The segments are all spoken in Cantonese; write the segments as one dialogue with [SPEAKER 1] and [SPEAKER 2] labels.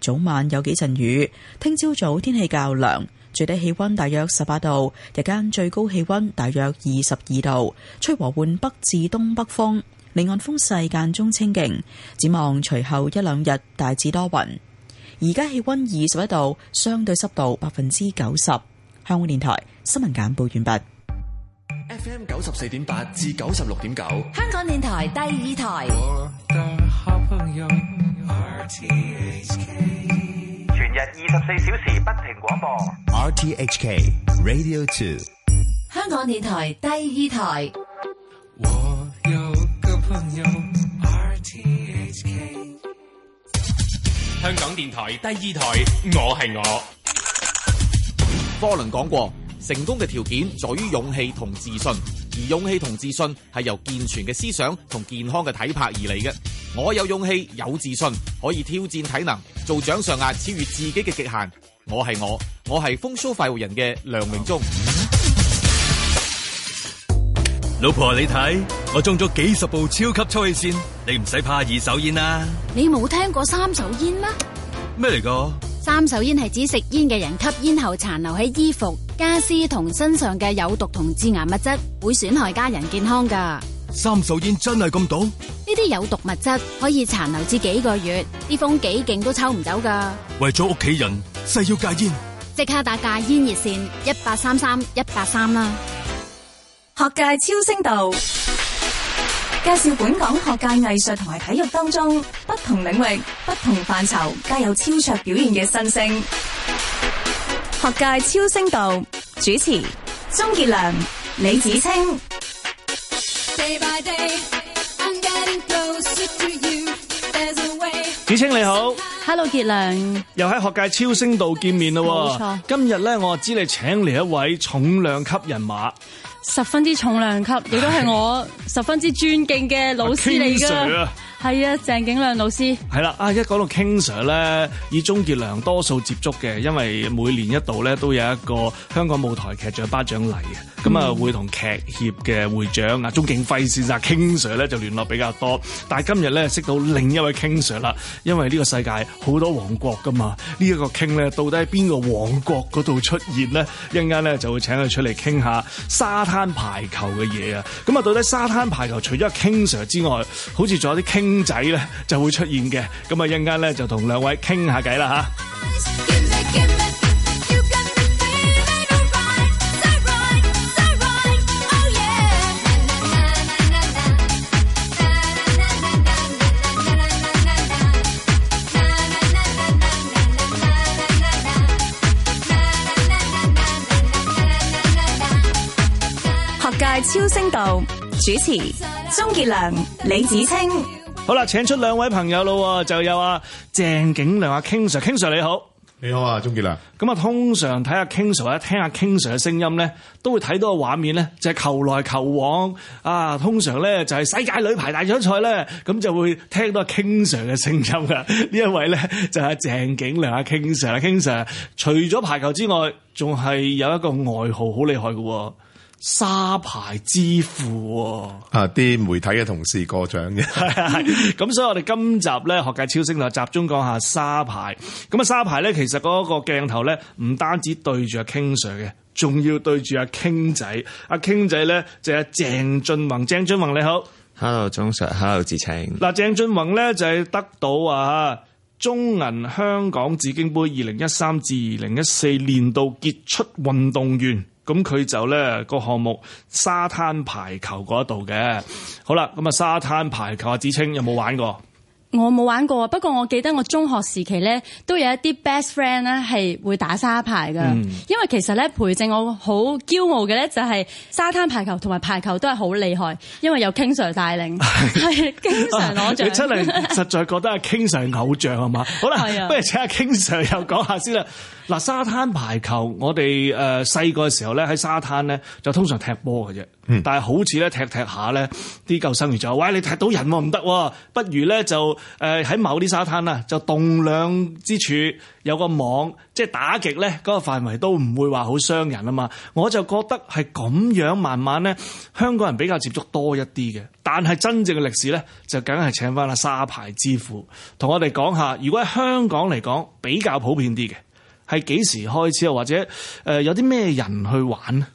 [SPEAKER 1] 早晚有幾陣雨，聽朝早，早天氣較涼，最低氣溫大約十八度，日間最高氣溫大約二十二度，吹和緩北至東北風，離岸風勢間中清勁。展望隨後一兩日大致多雲，而家氣溫二十一度，相對濕度百分之九十。香港電台新聞簡報完畢。
[SPEAKER 2] FM 九十四點八至九十六點九，
[SPEAKER 1] 香港電台第二台，
[SPEAKER 2] 我的好朋友 RTHK，
[SPEAKER 3] 全日二十四小時不停廣播，RTHK Radio Two，
[SPEAKER 4] 香港電台第二台，我
[SPEAKER 3] 有個朋友 RTHK，
[SPEAKER 2] 香港電台第二台，我係我，科倫講過。成功嘅條件在於勇氣同自信，而勇氣同自信係由健全嘅思想同健康嘅體魄而嚟嘅。我有勇氣有自信，可以挑戰體能，做掌上壓，超越自己嘅極限。我係我，我係風騷快活人嘅梁榮忠。老婆，你睇，我中咗幾十部超級抽氣扇，你唔使怕二手煙啦、啊。
[SPEAKER 4] 你冇聽過三手煙咩？
[SPEAKER 2] 咩嚟噶？
[SPEAKER 4] 三手煙係指食煙嘅人吸煙後殘留喺衣服、家私同身上嘅有毒同致癌物質，會損害家人健康噶。
[SPEAKER 2] 三手煙真係咁毒？
[SPEAKER 4] 呢啲有毒物質可以殘留至幾個月，啲風幾勁都抽唔走噶。
[SPEAKER 2] 為咗屋企人，誓要戒煙，
[SPEAKER 4] 即刻打戒煙熱線一八三三一八三啦。18 33, 18學界超聲道。介紹本港學界藝術同埋體育當中不同領域、不同範疇皆有超卓表現嘅新星。學界超星道主
[SPEAKER 2] 持鍾傑良、李芷菁。芷菁，你好。
[SPEAKER 3] Hello 傑
[SPEAKER 4] 良，
[SPEAKER 2] 又喺學界超星道見面啦。冇錯今日咧，我知你請嚟一位重量級人馬。
[SPEAKER 4] 十分之重量級，亦都係我十分之尊敬嘅老師嚟㗎。 係啊，鄭景亮老師
[SPEAKER 2] 係啦，啊一講到 King Sir 咧，以鍾傑良多數接觸嘅，因為每年一度咧都有一個香港舞台劇獎頒獎禮啊，咁啊、嗯、會同劇協嘅會長啊，鍾景輝先生 King Sir 咧就聯絡比較多，但係今日咧識到另一位 King Sir 啦，因為呢個世界好多王國噶嘛，這個、King 呢一個 King 咧到底喺邊個王國度出現咧？一陣間咧就會請佢出嚟傾下沙灘排球嘅嘢啊，咁啊到底沙灘排球除咗 King Sir 之外，好似仲有啲 King？公仔咧就會出現嘅，咁啊，一陣間咧就同兩位傾下偈啦吓。
[SPEAKER 4] 學界超聲道主持鍾傑
[SPEAKER 1] 良、李芷菁。
[SPEAKER 2] 好啦，請出兩位朋友咯，就有啊，鄭景亮啊 King Sir，King Sir 你好，你好啊，鍾傑良。咁啊，啊，就是，啊，通常睇下 King Sir 聽下 King Sir 嘅聲音咧，都會睇到個畫面咧，就係球來球往啊，通常咧就係世界女排大獎賽咧，咁就會聽到阿、啊、King Sir 嘅聲音噶，呢一位咧就係、是、鄭、啊、景亮啊 King Sir，King Sir 除咗排球之外，仲係有一個外號，好厲害嘅喎。沙牌之父
[SPEAKER 5] 啊，啊！啲、啊、媒體嘅同事過獎
[SPEAKER 2] 嘅，咁所以我哋今集咧學界超聲就集中講下沙排。咁啊沙排咧，其實嗰個鏡頭咧，唔單止對住阿 King Sir 嘅，仲要對住阿 King 仔。阿 King 仔咧就係鄭晉宏。鄭晉宏你好，Hello 鍾 Sir，Hello 芷菁。嗱，鄭晉宏咧就係得到啊中銀香港紫荊盃二零一三至二零一四年度傑出運動員。咁佢就咧、那個項目沙灘排球一度嘅，好啦，咁、那、啊、個、沙灘排球啊，芷菁有冇玩過？
[SPEAKER 4] 我冇玩過啊，不過我記得我中學時期咧都有一啲 best friend 咧係會打沙排噶，嗯、因為其實咧培正我好驕傲嘅咧就係、是、沙灘排球同埋排球都係好厲害，因為有 King Sir 帶領，
[SPEAKER 2] 係經常攞獎。你真係 實在覺得係 King Sir 偶像係嘛？好啦，好是的 不如請阿 King Sir 又講下先啦。嗱，沙灘排球我哋誒細個嘅時候咧喺沙灘咧就通常踢波嘅啫。嗯、但係好似咧踢踢下咧，啲救生員就話喂，你踢到人唔得，不如咧就誒喺某啲沙灘啦，就動量之處有個網，即係打極咧嗰個範圍都唔會話好傷人啊嘛。我就覺得係咁樣慢慢咧，香港人比較接觸多一啲嘅。但係真正嘅歷史咧，就梗係請翻啦沙排之父同我哋講下，如果喺香港嚟
[SPEAKER 5] 講比較普遍啲嘅，係幾時開始啊？或者誒、呃、有啲咩人去玩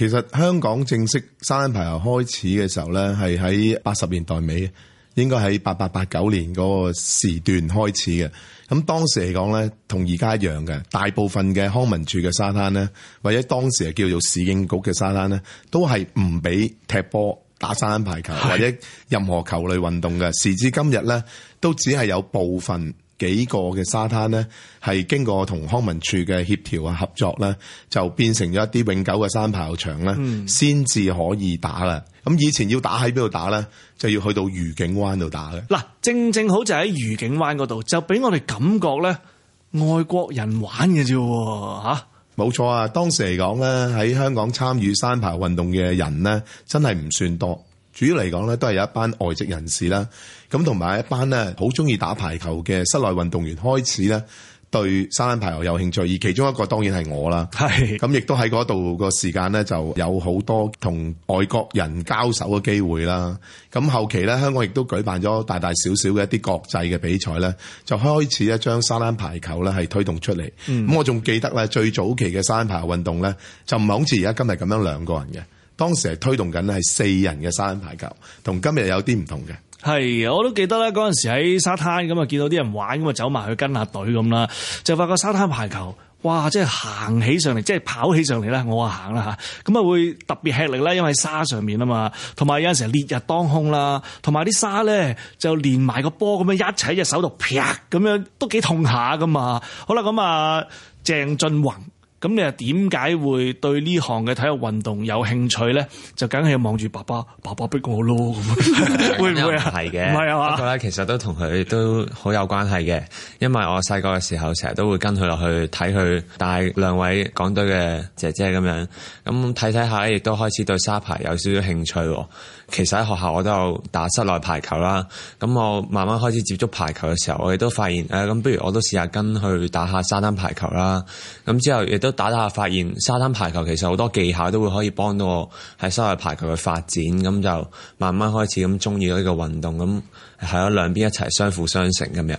[SPEAKER 5] 其實香港正式沙灘排球開始嘅時候呢，係喺八十年代尾，應該喺八八八九年嗰個時段開始嘅。咁當時嚟講呢，同而家一樣嘅，大部分嘅康文署嘅沙灘呢，或者當時係叫做市政局嘅沙灘呢，都係唔俾踢波、打沙灘排球或者任何球類運動嘅。時至今日呢，都只係有部分。幾個嘅沙灘咧，係經過同康文署嘅協調啊、合作咧，就變成咗一啲永久嘅沙排球場咧，先至、嗯、可以打啦。咁以前要打喺邊度打咧？就要去到愉景灣度打嘅。嗱，正正好就喺愉景灣嗰度，就俾我哋感覺咧，外國人玩嘅啫喎。冇錯啊，當時嚟講咧，喺香港參與沙排運動嘅人咧，真係唔算多。主要嚟講咧，都係有一班外籍人士啦，咁同埋一班咧，好中意打排球嘅室內運動員開始咧，對沙灘排球有興趣，而其中一個當然係我啦。係咁，亦都喺嗰度個時間咧，就有好多同外國人交手嘅機會啦。咁後期咧，香港亦都舉辦咗大大小小嘅一啲國際嘅比賽咧，就開始咧，將沙灘排球咧係推動出嚟。咁、嗯、我仲記得咧，最早期嘅沙灘排球運動咧，就唔係好似而家今日咁樣兩個人嘅。當時係推動緊咧係四人嘅沙灘排球，同今日有啲唔同嘅。
[SPEAKER 2] 係我都記得咧，嗰陣時喺沙灘咁啊，見到啲人玩咁啊，就走埋去跟下隊咁啦。就發覺沙灘排球，哇！即係行起上嚟，即係跑起上嚟咧，我啊行啦嚇。咁啊會特別吃力啦，因為喺沙上面啊嘛，同埋有陣時烈日當空啦，同埋啲沙咧就連埋個波咁樣一齊隻手度劈咁樣，都幾痛下噶嘛。好啦，咁啊，鄭晉宏。咁你又點解會對呢行嘅體育運動有興趣咧？就梗係望住爸爸，爸爸逼我咯，咁
[SPEAKER 6] 會唔會啊？係嘅，係啊，不過咧其實都同佢都好有關係嘅，因為我細個嘅時候成日都會跟佢落去睇佢帶兩位港隊嘅姐姐咁樣，咁睇睇下亦都開始對沙排有少少興趣。其實喺學校我都有打室內排球啦，咁我慢慢開始接觸排球嘅時候，我亦都發現誒咁、啊、不如我都試下跟去打下沙灘排球啦。咁之後亦都，打打下發現沙灘排球其實好多技巧都會可以幫到我喺沙灘排球嘅發展，咁就慢慢開始咁中意呢個運動，咁喺兩邊一齊相輔相成咁樣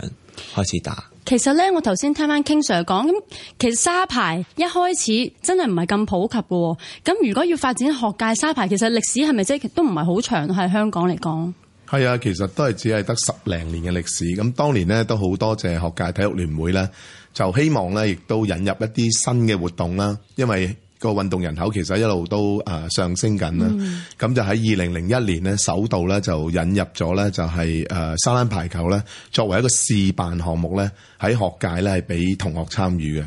[SPEAKER 6] 開始打。
[SPEAKER 4] 其實咧，我頭先聽翻 King Sir 講，咁其實沙排一開始真係唔係咁普及嘅。咁如果要發展學界沙排，其實歷史係咪即係都唔係好長？喺香港嚟講，
[SPEAKER 5] 係啊，其實都係只係得十零年嘅歷史。咁當年咧都好多謝學界體育聯會咧。就希望咧，亦都引入一啲新嘅活動啦，因為個運動人口其實一路都誒、呃、上升緊啦。咁、嗯、就喺二零零一年咧，首度咧就引入咗咧、就是，就係誒沙灘排球咧，作為一個試辦項目咧，喺學界咧係俾同學參與嘅。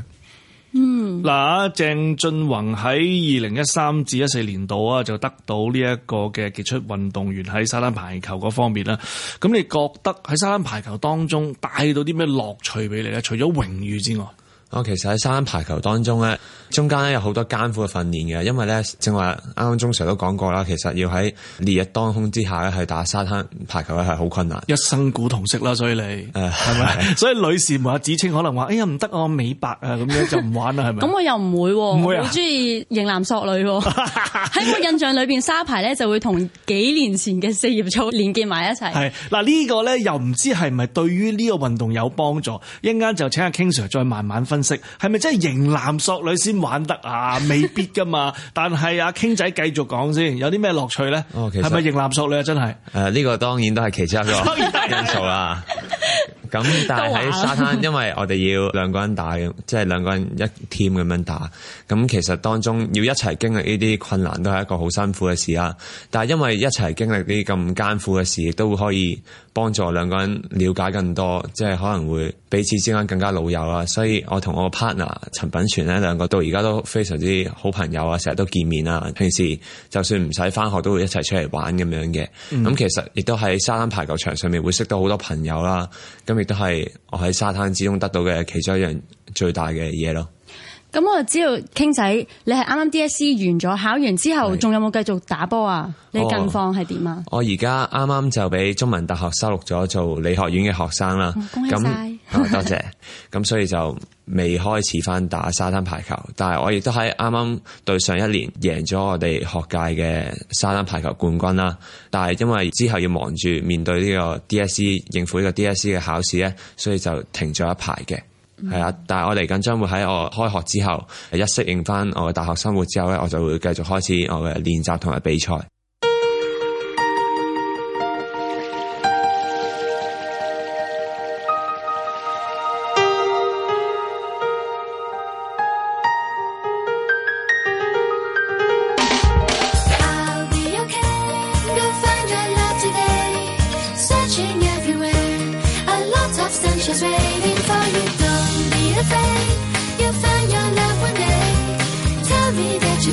[SPEAKER 2] 嗱，鄭晉宏喺二零一三至一四年度啊，就得到呢一個嘅傑出運動員喺沙灘排球嗰方面啦。咁你覺得喺沙灘排球當中帶到啲咩樂趣俾你咧？除咗榮譽之外？我其實喺沙灘排球當中咧，中間咧有好多艱苦嘅訓練
[SPEAKER 6] 嘅，因為咧正話啱啱鍾 Sir 都講過啦，其實要喺烈日當空之下咧去打沙灘排球咧係好困難。
[SPEAKER 2] 一身古銅色啦，所以你，係咪？所以女士們啊，芷菁可能話：，哎呀唔得啊，我美白啊咁樣就唔玩啦，係咪？咁 我
[SPEAKER 4] 又唔會、啊，唔好中意型男索女喺、啊、 我印象裏邊，沙排咧就會同幾年前嘅四葉草連結埋一齊。係
[SPEAKER 2] 嗱， 這個、呢個咧又唔知係咪對於呢個運動有幫助？一陣間就請阿 King Sir 再慢慢分析。食係咪真係型男索女先玩得啊？未必噶嘛。但係阿傾仔繼續講先，有啲咩樂趣咧？係咪、哦、型男索女啊？真係
[SPEAKER 6] 誒，呢、呃這個當然都係其中一個 因素啦。咁 但係喺沙灘，因為我哋要兩個人打，即係兩個人一 team 咁樣打。咁其實當中要一齊經歷呢啲困難，都係一個好辛苦嘅事啊。但係因為一齊經歷啲咁艱苦嘅事，亦都可以。幫助我兩個人了解更多，即係可能會彼此之間更加老友啦。所以我同我 partner 陳品全呢兩個到而家都非常之好朋友啊，成日都見面啊。平時就算唔使返學都會一齊出嚟玩咁樣嘅。咁其實亦都喺沙灘排球場上面會識到好多朋友啦。咁亦都係我喺沙灘之中得到嘅其中一樣最大嘅嘢咯。
[SPEAKER 4] 咁我就知道景仔，你係啱啱 D S C 完咗，考完之後仲是有冇繼續打波啊？你近況係點啊？
[SPEAKER 6] 我而家啱啱就俾中文大學收錄咗做理學院嘅學生啦，嗯。恭喜那、 哦、多謝。咁所以就未開始翻打沙灘排球，但係我亦都喺啱啱對上一年贏咗我哋學界嘅沙灘排球冠軍啦。但係因為之後要忙住面對呢個 D S C 應付呢個 D S C 嘅考試咧，所以就停咗一排嘅。係啊，但係我嚟緊將會喺我開學之後，一適應翻我嘅大學生活之後咧，我就會繼續開始我嘅練習同埋比賽。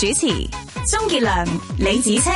[SPEAKER 4] 主持鍾傑良、
[SPEAKER 2] 李芷菁，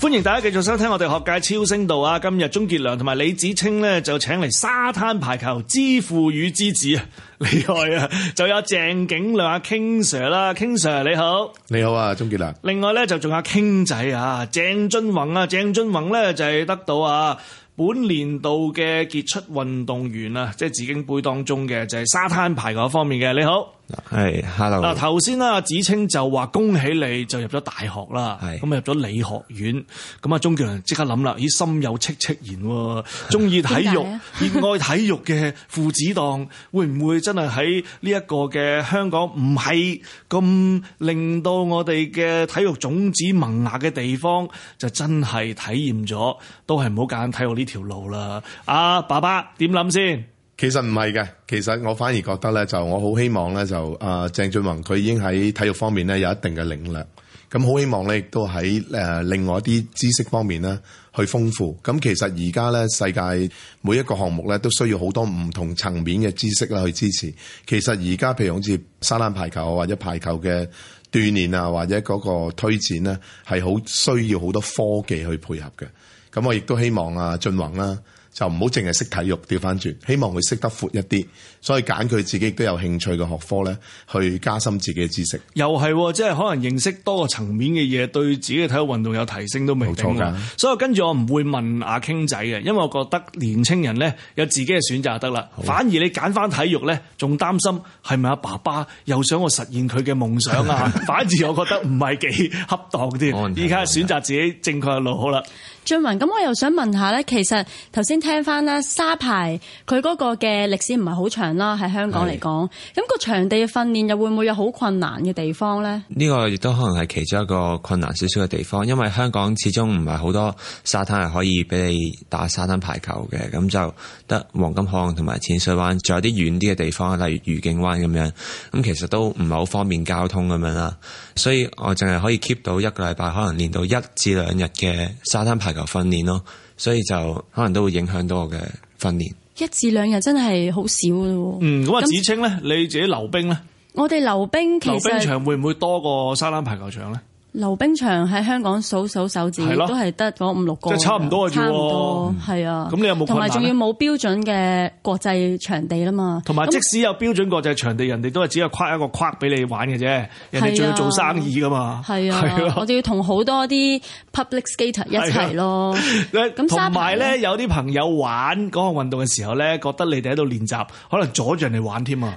[SPEAKER 2] 歡迎大家繼續收聽我哋學界超聲道啊！今日鍾傑良同埋李芷菁咧就請嚟沙灘排球之父與之子啊，厲害啊！ 就有鄭景亮阿 King Sir 啦，King Sir 你好，
[SPEAKER 5] 你好啊鍾傑良。
[SPEAKER 2] 另外咧就仲有 King 仔啊，鄭晉宏啊，鄭晉宏咧、啊、就係、是、得到啊本年度嘅傑出運動員啊，即、就、係、是、紫荊盃當中嘅就係、是、沙灘排球方面嘅，你好。係，hello。嗱，頭先啦，芷菁就話恭喜你就入咗大學啦，係咁啊，入咗理學院。咁啊，鍾傑良即刻諗啦，咦，心有戚戚然、啊。中意體育，熱 愛體育嘅父子檔，會唔會真係喺呢一個嘅香港唔係咁令到我哋嘅體育種子萌芽嘅地
[SPEAKER 5] 方，就真係體驗咗，都係唔好揀體育呢條路啦。阿、啊、爸爸點諗先？其實唔係嘅，其實我反而覺得咧，就我好希望咧，就阿、呃、鄭俊宏鄭晉宏佢已經喺體育方面咧有一定嘅領略，咁好希望咧亦都喺誒、呃、另外一啲知識方面咧去豐富。咁其實而家咧世界每一個項目咧都需要好多唔同層面嘅知識啦去支持。其實而家譬如好似沙灘排球或者排球嘅鍛鍊啊或者嗰個推展咧係好需要好多科技去配合嘅。咁我亦都希望啊晉宏啦。就唔好淨係識體育，調翻轉，希望佢識得闊一啲，所以揀佢自己都有興趣嘅學科咧，去加深自己嘅知識。
[SPEAKER 2] 又係，即係可能認識多個層面嘅嘢，對自己嘅體育運動有提升都未定。冇錯㗎、啊。所以跟住我唔會問阿傾仔嘅，因為我覺得年青人咧有自己嘅選擇就得啦。好反而你揀翻體育咧，仲擔心係咪阿爸爸又想我實現佢嘅夢想啊？ 反而我覺得唔係幾恰當啲。而依家選擇自己正確嘅路好啦。
[SPEAKER 4] 俊文、嗯，咁我又想問下咧，其實頭先。聽翻啦，沙排佢嗰個嘅歷史唔係好長啦，喺香港嚟講，咁是個場地嘅訓練又會唔會有好困難嘅地方呢？
[SPEAKER 6] 呢個亦都可能係其中一個困難少少嘅地方，因為香港始終唔係好多沙灘係可以俾你打沙灘排球嘅，咁就得黃金海岸同埋淺水灣，仲有啲遠啲嘅地方，例如愉景灣咁樣，咁其實都唔係好方便交通咁樣啦，所以我淨係可以 keep 到一個禮拜，可能練到一至兩日嘅沙灘排球訓練咯。所以就可能都會影響到我嘅訓練。
[SPEAKER 4] 一至兩日真係好少咯。嗯，咁啊，芷
[SPEAKER 2] 菁咧，你自己溜冰咧？
[SPEAKER 4] 我哋溜冰其實，溜冰場
[SPEAKER 2] 會唔會多過沙灘排球場咧？
[SPEAKER 4] 溜冰場喺香港數數手指都係得嗰五六個，差唔多係啊。咁你有冇同埋仲要冇標準嘅國際場地吖嘛？同埋即使有
[SPEAKER 2] 標準國際場地，人哋都係只係框一個框俾你玩嘅啫，人哋仲要做生意噶嘛？係啊，我
[SPEAKER 4] 哋要同好多啲 public skater 一齊咯。
[SPEAKER 2] 咁沙排呢，同埋咧，有啲朋友玩嗰個運動嘅時候咧，覺得你哋喺度練習，可能阻住人哋玩添啊！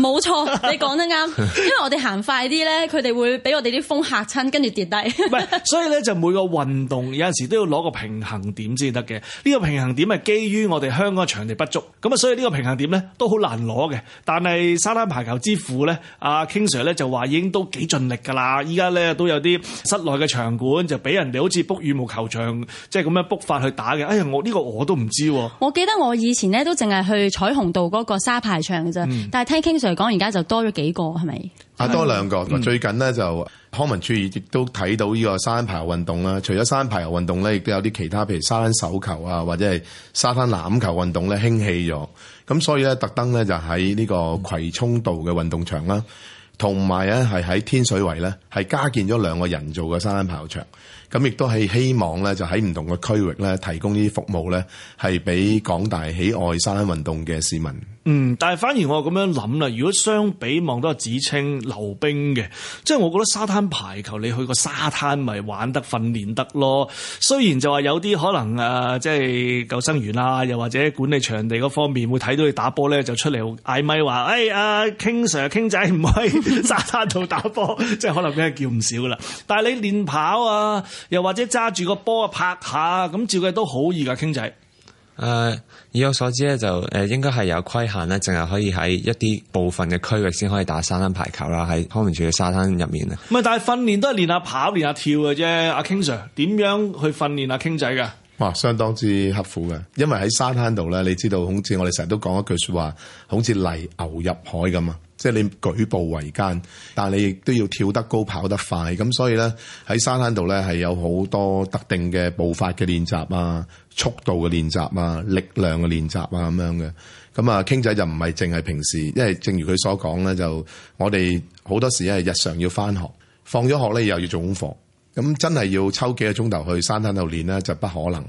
[SPEAKER 4] 冇錯，你講得啱，因為我哋行快啲咧，佢哋會俾我哋啲風。拍親跟住跌低，唔
[SPEAKER 2] 係，所以咧就每個運動有陣時都要攞個平衡點先得嘅。呢、個平衡點係基於我哋香港場地不足，咁啊，所以呢個平衡點咧都好難攞嘅。但係沙灘排球之父咧，阿、啊、King Sir 咧就話已經都幾盡力噶啦。依家咧都有啲室內嘅場館就俾人哋好似 book 羽毛球場，即係咁樣 book 法去打嘅。哎呀，我呢、個我都唔知、啊。
[SPEAKER 4] 我記得我以前咧都淨係去彩虹道嗰個沙排場嘅啫，嗯、但係聽 King Sir 講，而家就多咗幾個係咪？啊，嗯、多兩個，最
[SPEAKER 5] 近咧就。嗯康文署亦都睇到呢個沙灘排球運動啦，除咗沙灘排球運動咧，亦都有啲其他，譬如沙灘手球啊，或者係沙灘籃球運動咧興起咗。咁所以咧，特登咧就喺呢個葵涌道嘅運動場啦，同埋咧係喺天水圍咧，係加建咗兩個人造嘅沙灘排球場。咁亦都係希望咧就喺唔同嘅區域咧，提供呢啲服務咧，係俾廣大喜愛沙灘運動嘅市民。
[SPEAKER 2] 嗯，但係反而我咁樣諗啦，如果相比望到阿芷菁溜冰嘅，即係我覺得沙灘排球你去個沙灘咪玩得訓練得咯。雖然就話有啲可能誒、呃，即係救生員啦、啊，又或者管理場地嗰方面會睇到你打波咧，就出嚟嗌咪話，誒阿傾 sir 傾仔唔喺沙灘度打波， 即係可能佢叫唔少啦。但係你練跑啊，又或者揸住個波啊拍下咁，照計都好易噶、啊、傾仔。誒、呃，
[SPEAKER 6] 以我所知咧，就誒、呃，應該係有規限咧，淨係可以喺一啲部分嘅區域先可以打沙
[SPEAKER 5] 灘排球啦，喺康民處嘅沙灘入面啊。
[SPEAKER 2] 唔係，但係訓練都係練下跑、練下跳嘅啫。阿 King Sir，點樣去訓練阿 King 仔噶？
[SPEAKER 5] 哇，相當之刻苦嘅，因為喺沙灘度咧，你知道，好似我哋成日都講一句說話，好似泥牛入海咁啊！即係你舉步維艱，但係你亦都要跳得高、跑得快。咁所以咧，喺沙灘度咧，係有好多特定嘅步伐嘅練習啊。速度嘅練習啊，力量嘅練習啊，咁樣嘅。咁啊，傾仔就唔係淨係平時，因為正如佢所講咧，就我哋好多時咧，日常要返學，放咗學咧又要做功課，咁真係要抽幾個鐘頭去沙灘度練咧，就不可能。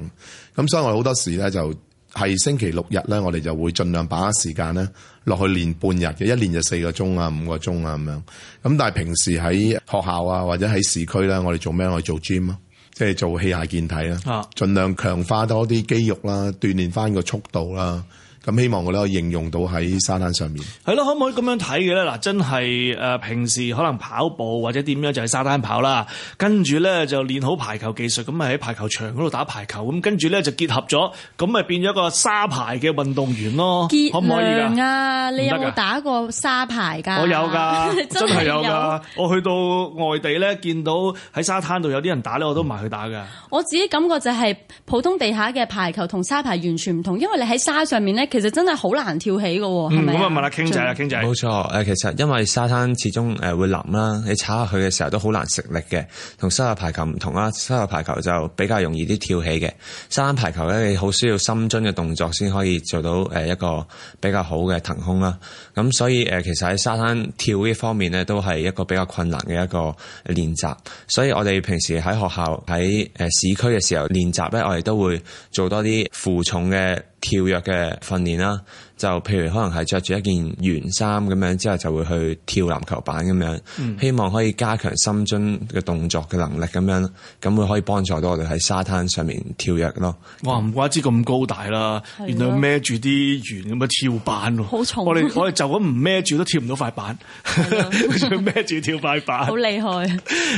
[SPEAKER 5] 咁所以我好多時咧，就係星期六日咧，我哋就會盡量把握時間咧，落去練半日嘅，一練就四個鐘啊，五個鐘啊咁樣。咁但係平時喺學校啊，或者喺市區咧，我哋做咩？我哋做 gym 啊。即係做器械健體啦，啊，盡量強化多啲肌肉啦，鍛鍊翻個速度啦。咁希望我哋可以應用到喺沙灘上面。係咯，可唔可以咁樣睇嘅咧？嗱，真係
[SPEAKER 2] 誒、呃，平時可能跑步或者點樣就喺沙灘跑啦，跟住咧就練好排球技術，咁咪喺排球場嗰度打排球，咁跟住咧就結合咗，咁咪變咗個沙排嘅運動員咯。啊、可唔可以噶？你有冇打
[SPEAKER 4] 過沙排㗎？我有㗎， 真係有㗎。
[SPEAKER 2] 我去到外地咧，見到喺沙灘度有啲人打咧，我都唔埋去打㗎、嗯。
[SPEAKER 4] 我自己感覺就係普通地下嘅排球同沙排完全唔同，因為你喺沙上面咧。其實真係好難跳起噶係咪，嗯？咁啊，問下景仔啦，
[SPEAKER 6] 景仔。冇錯仔，誒，其實因為沙灘始終誒會冧啦，你踩下去嘅時候都好難食力嘅，同室內排球唔同啦。室內排球就比較容易啲跳起嘅，沙灘排球咧，你好需要深蹲嘅動作先可以做到誒一個比較好嘅騰空啦。咁所以誒，其實喺沙灘跳呢方面咧，都係一個比較困難嘅一個練習。所以我哋平時喺學校喺誒市區嘅時候練習咧，我哋都會做多啲負重嘅跳躍嘅訓練啦。就譬如可能係着住一件圓衫咁樣之後，就會去跳籃球板咁樣，嗯、希望可以加強深蹲嘅動作嘅能力咁樣，咁會可以幫助到我哋喺沙灘上面跳躍咯。
[SPEAKER 2] 哇！唔怪之咁高大啦，原來孭住啲圓咁樣跳板咯。好重的！我哋我哋就咁唔孭住都跳唔到塊板，仲孭住跳塊板。好 厲害！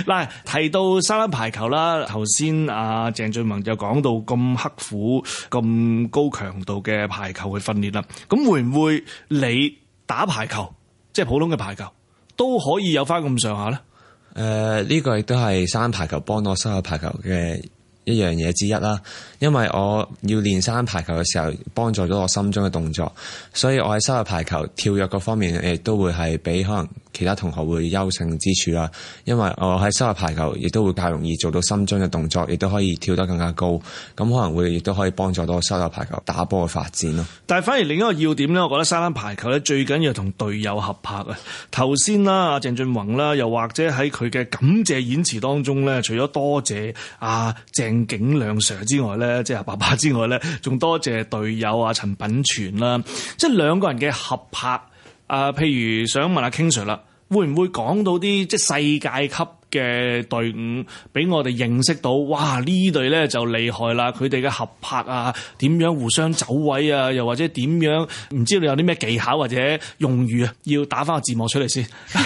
[SPEAKER 2] 嗱， 提到沙灘排球啦，頭先阿鄭晉宏就講到咁刻苦、咁高強度嘅排球嘅訓練啦。咁會唔會你打排球，即係普通嘅排球，都可以有翻咁上下咧？誒、呃、呢、這個亦都係沙排球幫我收學排
[SPEAKER 6] 球嘅一樣嘢之一啦。因為我要練沙排球嘅時候，幫助咗我心中嘅動作，所以我喺收學排球跳躍各方面，亦都會係比可能其他同學會優勝之處啦，因為我喺沙灘排球亦都會較容易做到深蹲嘅動作，亦都可以跳得更加高。咁可能會亦都可以幫助到沙灘排球打波嘅發展咯。
[SPEAKER 2] 但係反而另一個要點咧，我覺得沙灘排球咧最緊要同隊友合拍啊！頭先啦，阿鄭晉宏啦、啊，又或者喺佢嘅感謝演辭當中咧，除咗多謝阿、啊、鄭景亮 sir 之外咧，即係阿爸爸之外咧，仲多謝隊友阿、啊、陳品全啦、啊。即係兩個人嘅合拍啊，譬如想問阿、啊、King Sir 啦。會唔會講到啲即係世界級嘅隊伍俾我哋認識到。哇呢隊咧就厲害啦！佢哋嘅合拍啊，點樣互相走位啊，又或者點樣唔知你有啲咩技巧或者用語啊，要打翻個字幕出嚟先，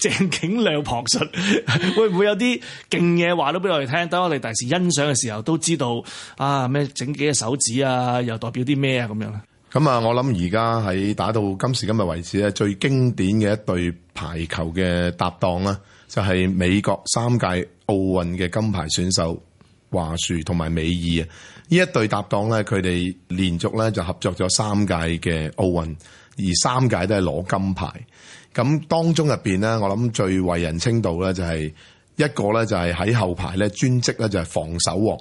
[SPEAKER 2] 鄭景亮旁述， 會唔會有啲勁嘢話都俾我哋聽，等我哋第時欣賞嘅時候都知道啊咩整幾隻手指啊，又代表啲咩啊咁
[SPEAKER 5] 樣咧？咁啊、嗯，我諗而家喺打到今時今日為止咧，最經典嘅一對排球嘅搭檔咧，就係、是、美國三屆奧運嘅金牌選手華樹同埋美爾啊！一呢一對搭檔咧，佢哋連續咧就合作咗三屆嘅奧運，而三屆都係攞金牌。咁、嗯、當中入邊咧，我諗最為人稱道咧，就係、是、一個咧就係、是、喺後排咧專職咧就係、是、防守王。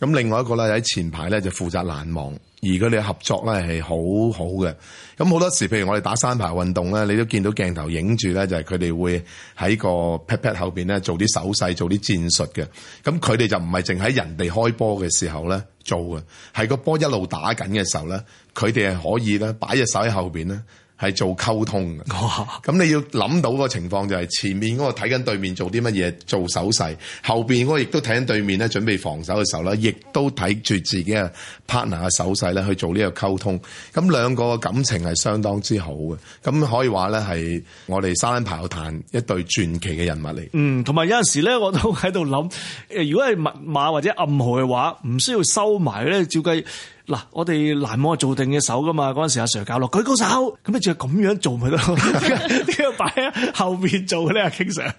[SPEAKER 5] 咁另外一個咧喺前排咧就負責攔網。而佢哋嘅合作咧係好好嘅。咁好多時，譬如我哋打三排運動咧，你都見到鏡頭影住咧，就係佢哋會喺個 pat pat 後邊咧做啲手勢、做啲戰術嘅。咁佢哋就唔係淨喺人哋開波嘅時候咧做嘅，係個波一路打緊嘅時候咧，佢哋係可以咧擺隻手喺後邊咧。係做溝通嘅，咁、哦、你要諗到個情況就係前面嗰個睇緊對面做啲乜嘢做手勢，後邊嗰個亦都睇緊對面咧準備防守嘅時候咧，亦都睇住自己嘅 partner 嘅手勢咧去做呢個溝通。咁兩個嘅感情係相當之好嘅，咁可以話咧係我哋沙灘排球壇一對傳奇嘅人物嚟。
[SPEAKER 2] 嗯，同埋有陣時咧，我都喺度諗，如果係密碼或者暗號嘅話，唔需要收埋咧，照計。嗱，我哋攔網做定嘅手㗎嘛？嗰陣時阿 Sir 教落舉高手，咁你仲要咁樣做咪得？點解擺喺後面做咧？阿 King Sir，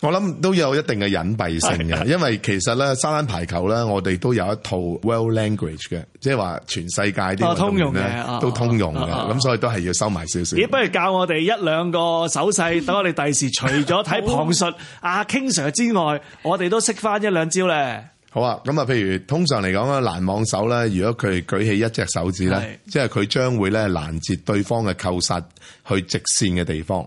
[SPEAKER 5] 我諗都有一定嘅隱蔽性嘅，是是是因為其實咧沙灘排球咧，我哋都有一套 world language 嘅，即係話全世界啲運動員咧、啊啊啊啊、都通用嘅，咁、啊啊、所以都係要收埋少少。咦？
[SPEAKER 2] 不如教我哋一兩個手勢，等 我哋第時除咗睇旁述阿 King Sir 之外，我哋都識翻一兩招咧。
[SPEAKER 5] 好啊，咁啊，譬如通常嚟講咧，攔網手咧，如果佢舉起一隻手指咧，是即係佢將會咧攔截對方嘅扣殺去直線嘅地方，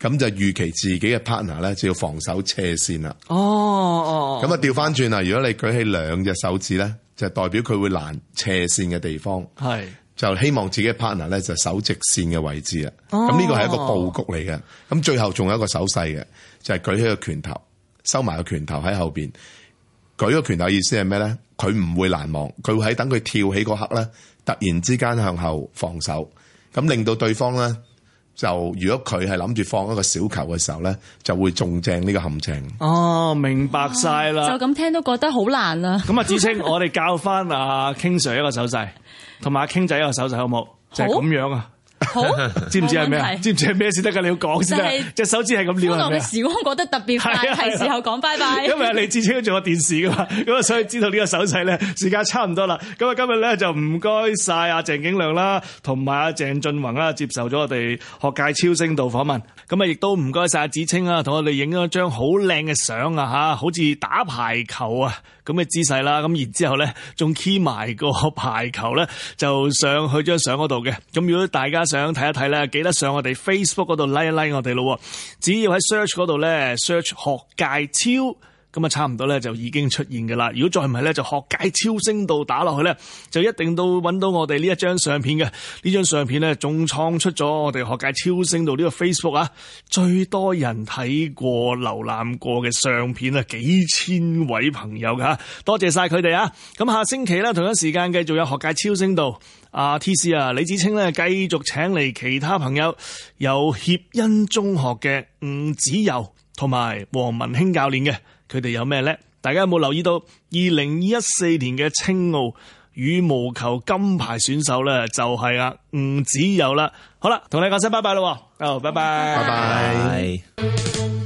[SPEAKER 5] 咁是就預期自己嘅 partner 咧就要防守斜線啦。
[SPEAKER 2] 哦哦，咁啊，
[SPEAKER 5] 調翻轉啦，如果你舉起兩隻手指咧，就代表佢會攔斜線嘅地方，
[SPEAKER 2] 係是
[SPEAKER 5] 就希望自己嘅 partner 咧就守直線嘅位置啦。咁呢、哦、個係一個布局嚟嘅，咁最後仲有一個手勢嘅，就係、是、舉起個拳頭，收埋個拳頭喺後邊。舉個拳頭意思係咩咧？佢唔會難忘，佢會喺等佢跳起嗰刻咧，突然之間向後防守，咁令到對方咧就如果佢係諗住放一個小球嘅時候咧，就會中正呢個陷阱。
[SPEAKER 2] 哦，明白晒啦。哦，就咁聽都覺
[SPEAKER 4] 得好難啊！
[SPEAKER 2] 咁啊，芷菁，我哋教翻阿 King Sir 一個手勢，同埋阿 King 仔一個手勢好冇？好就咁樣啊！好，知唔知係咩啊？知唔知係咩事得噶？你要講先，只是手指係咁撩啊！我嘅時
[SPEAKER 4] 光過得特別快，係時候講拜拜。因為阿李
[SPEAKER 2] 芷菁做過電視噶嘛，咁啊，所以知道呢個手勢咧，時間差唔多啦。咁啊，今日咧就唔該晒阿鄭景亮啦，同埋阿鄭晉宏啦，接受咗我哋學界超聲道訪問。咁啊，亦都唔該晒阿芷菁啦，同我哋影咗張好靚嘅相啊，吓，好似打排球啊。咁嘅姿勢啦，咁然之後咧，仲 key 埋個排球咧，就上去張相嗰度嘅。咁如果大家想睇一睇咧，記得上我哋 Facebook 嗰度 like 一 like 我哋咯。只要喺 search 嗰度咧，search 學界超。咁啊，差唔多咧就已經出現嘅啦。如果再唔係咧，就學界超聲道打落去咧，就一定都揾到我哋呢一張相片嘅。呢張相片咧，仲創出咗我哋學界超聲道呢個 Facebook 啊，最多人睇過、瀏覽過嘅相片啊，幾千位朋友噶吓，多謝晒佢哋啊。咁下星期咧，同一時間繼續有學界超聲道啊，TC 啊，李芷菁咧繼續請嚟其他朋友，有協恩中學嘅吳子游同埋黃文興教練嘅。佢哋有咩咧？大家有冇留意到？二零一四年嘅青奧羽毛球金牌選手咧，就係啊吳芷柔啦。好啦，同你講聲拜拜啦，哦，拜拜，拜拜。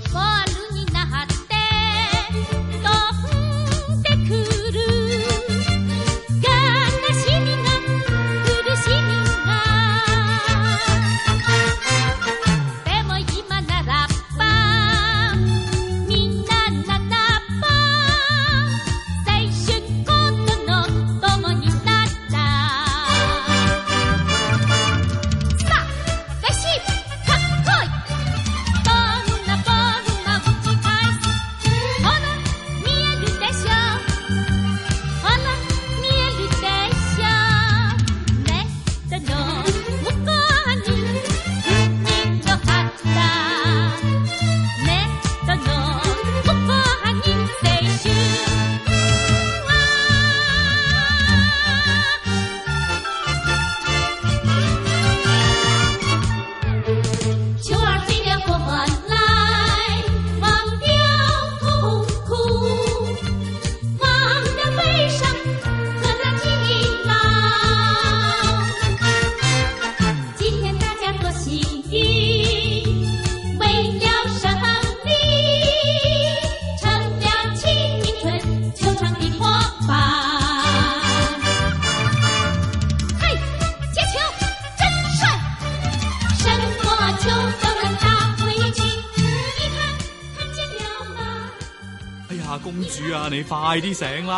[SPEAKER 2] 公主啊，你快啲醒啦！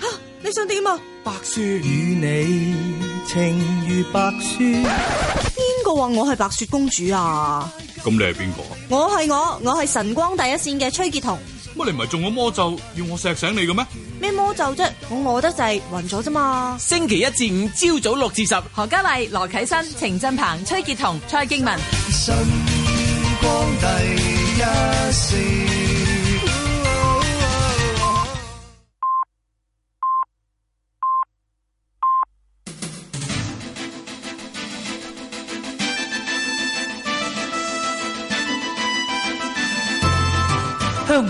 [SPEAKER 2] 哈、啊，你想點啊？白雪與你情如白雪，
[SPEAKER 1] 邊個話我
[SPEAKER 2] 係白雪公主啊？
[SPEAKER 1] 咁你係邊個啊？
[SPEAKER 4] 我係我，我係晨光第一線嘅崔潔彤。
[SPEAKER 2] 乜、啊、你唔係中咗魔咒要我錫醒你嘅咩？
[SPEAKER 4] 咩魔咒啫？我餓得滯暈咗啫嘛。
[SPEAKER 1] 星期一至五朝早六至十，何嘉麗、羅啟新、程振鵬、崔潔彤、蔡敬文。晨光
[SPEAKER 3] 第一線。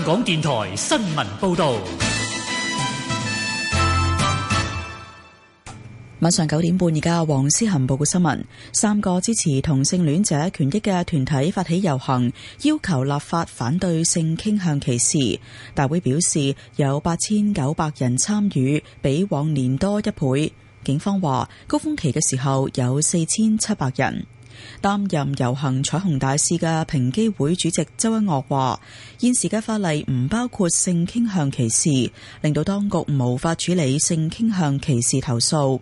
[SPEAKER 3] 港電台新聞報道：
[SPEAKER 1] 晚上九點半，而家黃思恒報告新聞，三個支持同性戀者權益嘅團體發起遊行，要求立法反對性傾向歧視。大會表示有八千九百人參與，比往年多一倍。警方話，高峰期嘅時候有四千七百人。擔任遊行彩虹大使嘅平機會主席周一岳話：現時嘅法例唔包括性傾向歧視，令到當局無法處理性傾向歧視投訴。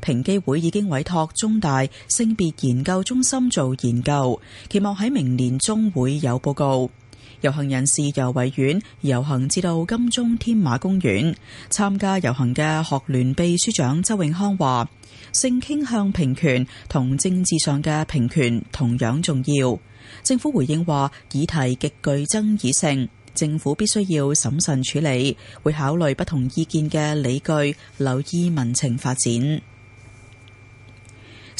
[SPEAKER 1] 平機會已經委託中大性別研究中心做研究，期望喺明年中會有報告。遊行人士由維園遊行至到金鐘天馬公園，參加遊行嘅學聯秘書長周永康話。性傾向平權同政治上嘅平權同樣重要。政府回應話，議題極具爭議性，政府必須要審慎處理，會考慮不同意見嘅理據，留意民情發展。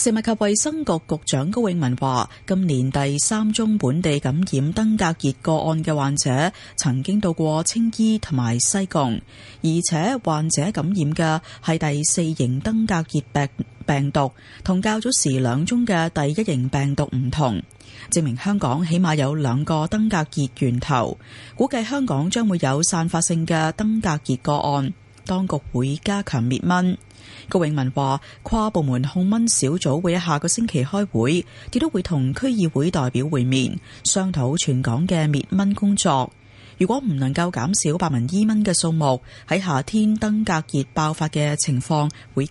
[SPEAKER 1] 食物及衛生局局長高永文話：今年第三宗本地感染登革熱個案嘅患者曾經到過青衣同埋西貢，而且患者感染嘅係第四型登革熱病病毒，同較早時兩宗嘅第一型病毒唔同，證明香港起碼有兩個登革熱源頭，估計香港將會有散發性嘅登革熱個案，當局會加強滅蚊。高永文話跨部門控蚊小組會喺下個星期開會，亦都會同區議會代表會面，商討全港嘅滅蚊工作。如果唔能夠減少白紋伊蚊嘅數目，喺夏天登革熱爆發嘅情況會更。